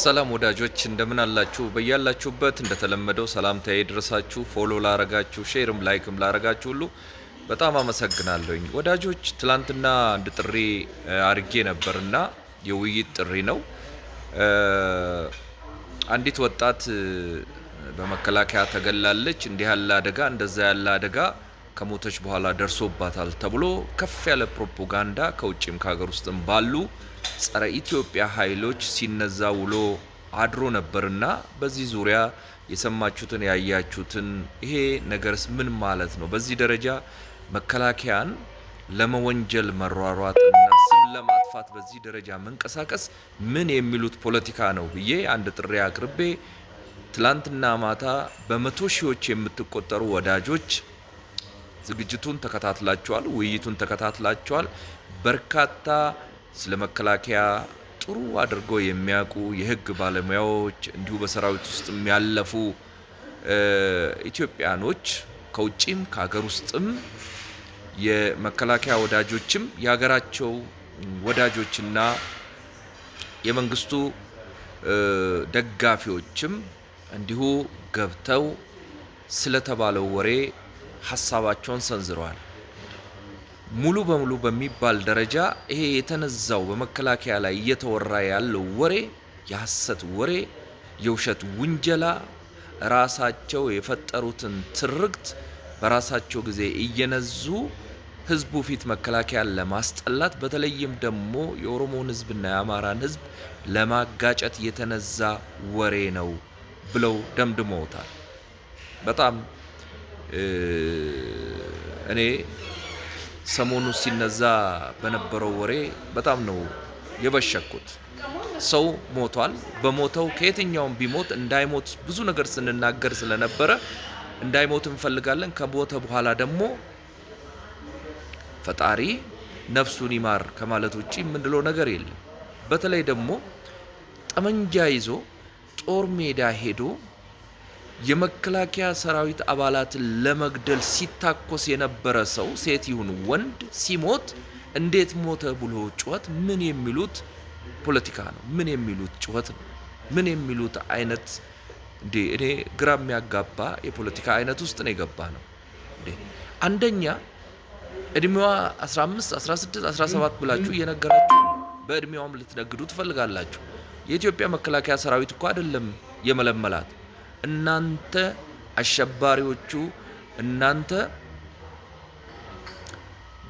ሰላም ወዳጆች እንደምን አላችሁ? በያላችሁበት እንደተለመደው ሰላምታዬ ድረሳችሁ። ፎሎ ላረጋችሁ፣ ሼርም ላይክም ላረጋችሁ ሁሉ በጣም አመሰግናለሁኝ ወዳጆች። ትላንትና አንድ ጥሪ አድርጌ ነበርና የውይይት ጥሪ ነው። አንዲት ወጣት በመከላከያ ተገላለች። እንዲህ ያለ አደጋ እንደዛ ያለ አደጋ ከሞተች በኋላ ደርሶባታል ተብሎ ከፍ ያለ ፕሮፓጋንዳ ከውጭም ከሀገር ውስጥም ባሉ ጸረ ኢትዮጵያ ኃይሎች ሲነዛ ውሎ አድሮ ነበርና በዚህ ዙሪያ የሰማችሁትን ያያችሁትን፣ ይሄ ነገርስ ምን ማለት ነው? በዚህ ደረጃ መከላከያን ለመወንጀል መሯሯጥና ስም ለማጥፋት በዚህ ደረጃ መንቀሳቀስ ምን የሚሉት ፖለቲካ ነው ብዬ አንድ ጥሪ አቅርቤ ትላንትና ማታ በመቶ ሺዎች የምትቆጠሩ ወዳጆች ዝግጅቱን ተከታትላችኋል፣ ውይይቱን ተከታትላችኋል። በርካታ ስለ መከላከያ ጥሩ አድርገው የሚያውቁ የህግ ባለሙያዎች እንዲሁ በሰራዊት ውስጥ የሚያለፉ ኢትዮጵያኖች ከውጭም ከሀገር ውስጥም የመከላከያ ወዳጆችም የሀገራቸው ወዳጆችና የመንግስቱ ደጋፊዎችም እንዲሁ ገብተው ስለተባለው ወሬ ሀሳባቸውን ሰንዝረዋል። ሙሉ በሙሉ በሚባል ደረጃ ይሄ የተነዛው በመከላከያ ላይ እየተወራ ያለው ወሬ የሐሰት ወሬ፣ የውሸት ውንጀላ፣ ራሳቸው የፈጠሩትን ትርክት በራሳቸው ጊዜ እየነዙ ህዝቡ ፊት መከላከያን ለማስጠላት በተለይም ደግሞ የኦሮሞን ህዝብና የአማራን ህዝብ ለማጋጨት የተነዛ ወሬ ነው ብለው ደምድመውታል። በጣም እኔ ሰሞኑ ሲነዛ በነበረው ወሬ በጣም ነው የበሸኩት። ሰው ሞቷል። በሞተው ከየትኛውም ቢሞት እንዳይሞት ብዙ ነገር ስንናገር ስለነበረ እንዳይሞት እንፈልጋለን። ከሞተ በኋላ ደግሞ ፈጣሪ ነፍሱን ይማር ከማለት ውጭ የምንለው ነገር የለም። በተለይ ደግሞ ጠመንጃ ይዞ ጦር ሜዳ ሄዶ የመከላከያ ሰራዊት አባላትን ለመግደል ሲታኮስ የነበረ ሰው ሴት ይሁን ወንድ ሲሞት እንዴት ሞተ ብሎ ጩኸት ምን የሚሉት ፖለቲካ ነው? ምን የሚሉት ጩኸት ነው? ምን የሚሉት አይነት እንዴ! እኔ ግራ የሚያጋባ የፖለቲካ አይነት ውስጥ ነው የገባ ነው። አንደኛ እድሜዋ 15፣ 16፣ 17 ብላችሁ እየነገራችሁ በእድሜዋም ልትነግዱ ትፈልጋላችሁ። የኢትዮጵያ መከላከያ ሰራዊት እኮ አይደለም የመለመላት እናንተ አሸባሪዎቹ፣ እናንተ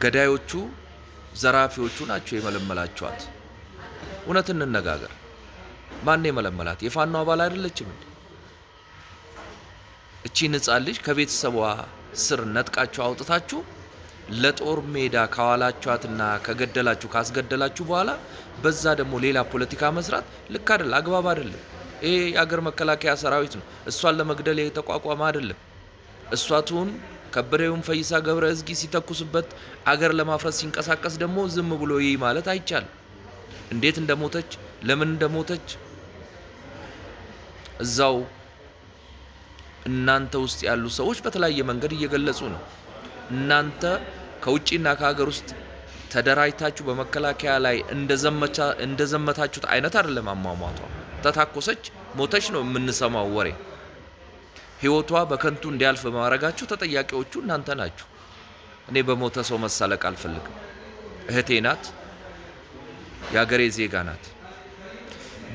ገዳዮቹ፣ ዘራፊዎቹ ናቸው የመለመላችኋት። እውነት እንነጋገር፣ ማን የመለመላት? የፋኖ አባል አይደለችም እንዴ? እቺ ሕፃን ልጅ ከቤተሰቧ ስር ነጥቃችሁ አውጥታችሁ ለጦር ሜዳ ካዋላችኋትና ከገደላችሁ ካስገደላችሁ በኋላ በዛ ደግሞ ሌላ ፖለቲካ መስራት ልክ አይደል፣ አግባብ አይደለም። ይሄ የአገር መከላከያ ሰራዊት ነው። እሷን ለመግደል የተቋቋመ አይደለም። እሷ ከበሬውን ፈይሳ ገብረ እዝጊ ሲተኩስበት አገር ለማፍረስ ሲንቀሳቀስ ደግሞ ዝም ብሎ ይህ ማለት አይቻልም። እንዴት እንደሞተች ለምን እንደሞተች እዛው እናንተ ውስጥ ያሉ ሰዎች በተለያየ መንገድ እየገለጹ ነው። እናንተ ከውጭና ከሀገር ውስጥ ተደራጅታችሁ በመከላከያ ላይ እንደዘመታችሁት አይነት አይደለም አሟሟቷ። ተታኮሰች፣ ሞተች ነው የምንሰማው ወሬ። ህይወቷ በከንቱ እንዲያልፍ በማድረጋችሁ ተጠያቂዎቹ እናንተ ናችሁ። እኔ በሞተ ሰው መሳለቅ አልፈልግም። እህቴ ናት፣ የአገሬ ዜጋ ናት።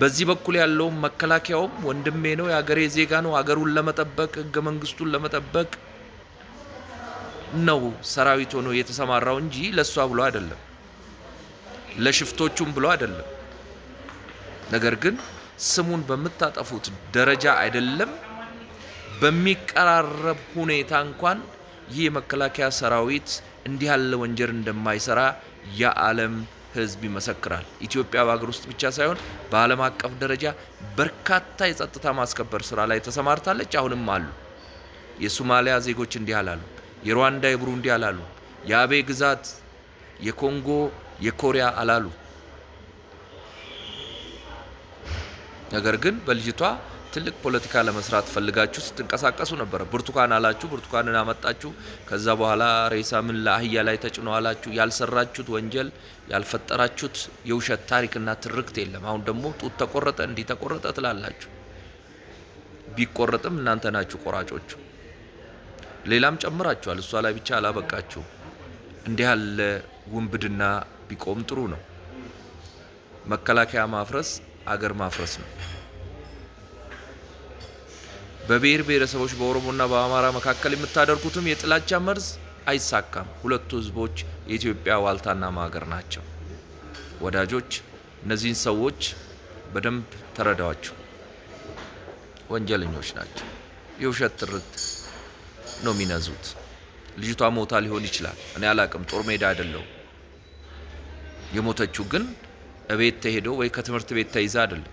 በዚህ በኩል ያለውም መከላከያውም ወንድሜ ነው፣ የአገሬ ዜጋ ነው። አገሩን ለመጠበቅ ህገ መንግስቱን ለመጠበቅ ነው ሰራዊት ሆኖ የተሰማራው እንጂ ለእሷ ብሎ አይደለም፣ ለሽፍቶቹም ብሎ አይደለም። ነገር ግን ስሙን በምታጠፉት ደረጃ አይደለም በሚቀራረብ ሁኔታ እንኳን ይህ የመከላከያ ሰራዊት እንዲህ ያለ ወንጀል እንደማይሰራ የዓለም ሕዝብ ይመሰክራል። ኢትዮጵያ በሀገር ውስጥ ብቻ ሳይሆን በዓለም አቀፍ ደረጃ በርካታ የጸጥታ ማስከበር ስራ ላይ ተሰማርታለች። አሁንም አሉ። የሶማሊያ ዜጎች እንዲህ አላሉ። የሩዋንዳ፣ የቡሩንዲ አላሉ። የአቤ ግዛት፣ የኮንጎ፣ የኮሪያ አላሉ። ነገር ግን በልጅቷ ትልቅ ፖለቲካ ለመስራት ፈልጋችሁ ስትንቀሳቀሱ ነበረ። ብርቱካን አላችሁ፣ ብርቱካንን አመጣችሁ። ከዛ በኋላ ሬሳ ምን ለአህያ ላይ ተጭኖ አላችሁ። ያልሰራችሁት ወንጀል ያልፈጠራችሁት የውሸት ታሪክና ትርክት የለም። አሁን ደግሞ ጡት ተቆረጠ እንዲህ ተቆረጠ ትላላችሁ። ቢቆረጥም እናንተ ናችሁ ቆራጮቹ። ሌላም ጨምራችኋል። እሷ ላይ ብቻ አላበቃችሁ። እንዲህ ያለ ውንብድና ቢቆም ጥሩ ነው። መከላከያ ማፍረስ አገር ማፍረስ ነው። በብሔር ብሔረሰቦች በኦሮሞና በአማራ መካከል የምታደርጉትም የጥላቻ መርዝ አይሳካም። ሁለቱ ህዝቦች የኢትዮጵያ ዋልታና ማገር ናቸው። ወዳጆች፣ እነዚህን ሰዎች በደንብ ተረዳዋቸው። ወንጀለኞች ናቸው። የውሸት ትርት ነው የሚነዙት። ልጅቷ ሞታ ሊሆን ይችላል። እኔ አላቅም። ጦር ሜዳ አይደለሁም። የሞተችው ግን እቤት ተሄዶ ወይ ከትምህርት ቤት ተይዛ አይደለም፣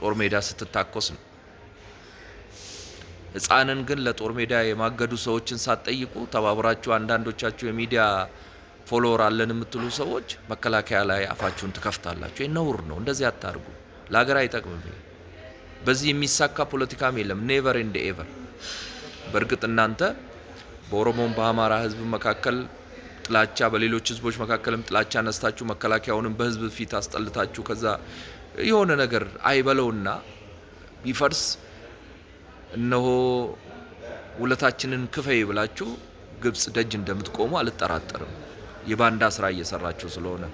ጦር ሜዳ ስትታኮስ ነው። ህፃንን ግን ለጦር ሜዳ የማገዱ ሰዎችን ሳትጠይቁ ተባብራችሁ፣ አንዳንዶቻችሁ የሚዲያ ፎሎወር አለን የምትሉ ሰዎች መከላከያ ላይ አፋችሁን ትከፍታላችሁ። የነውር ነው። እንደዚህ አታርጉ። ለሀገር አይጠቅምም። በዚህ የሚሳካ ፖለቲካም የለም። ኔቨር ኢንድ ኤቨር። በእርግጥ እናንተ በኦሮሞን በአማራ ህዝብ መካከል ጥላቻ በሌሎች ህዝቦች መካከልም ጥላቻ አነስታችሁ መከላከያውንም በህዝብ ፊት አስጠልታችሁ ከዛ የሆነ ነገር አይበለውና ቢፈርስ እነሆ ውለታችንን ክፈይ ብላችሁ ግብጽ ደጅ እንደምትቆሙ አልጠራጠርም። የባንዳ ስራ እየሰራችሁ ስለሆነ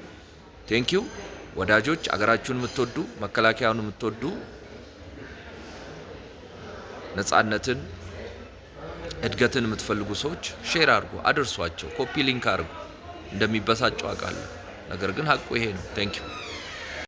ቴንኪው ወዳጆች። አገራችሁን የምትወዱ መከላከያውን የምትወዱ ነጻነትን እድገትን የምትፈልጉ ሰዎች ሼር አድርጉ፣ አድርሷቸው፣ ኮፒ ሊንክ አድርጉ። እንደሚበሳጩ አውቃለሁ፣ ነገር ግን ሀቁ ይሄ ነው። ቴንኪዩ